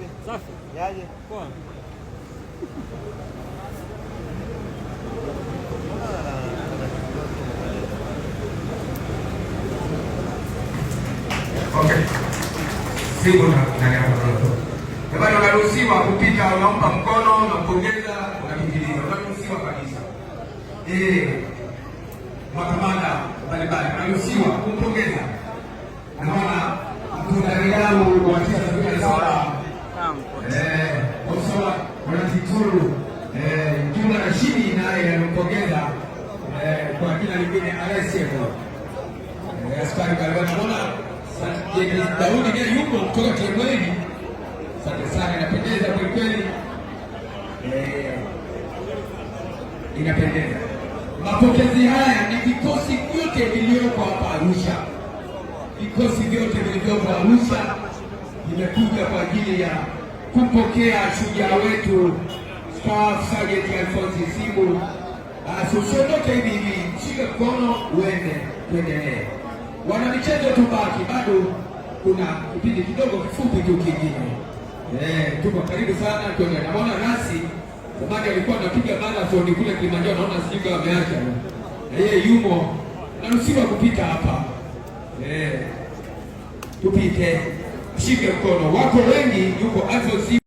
Vipi? Safi. Yaje? Poa. Okay. unaruhusiwa kupita, unampa mkono, unampongeza, unapitiliza Unaruhusiwa kabisa. Eh. Makamanda mbalimbali unaruhusiwa kumpongeza. Naona mtu ndani yangu kwa tunashukuru Juma eh, Rashidi naye amempongeza eh, kwa jina lingine eh, Daudi naye yuko kutoka Kiembweni. Asante sana, inapendeza kwelikweli, inapendeza. Mapokezi haya ni vikosi vyote vilivyoko hapa Arusha, vikosi vyote vilivyoko Arusha vimekuja kwa ajili ya kumpokea shujaa wetu Staff Sergeant Alphonse Sibu. Basi ah, usiondoke hivi hivi, shika mkono uende, tuendelee. Wana michezo tubaki, bado kuna kipindi kidogo kifupi tu kingine. Eh, tuko karibu sana, tuende. Naona rasi zamani alikuwa anapiga marathon kule Kilimanjaro, naona sijui ameacha na yeye yumo, naruhusiwa kupita hapa eh, tupite mshike mkono wako wengi, yuko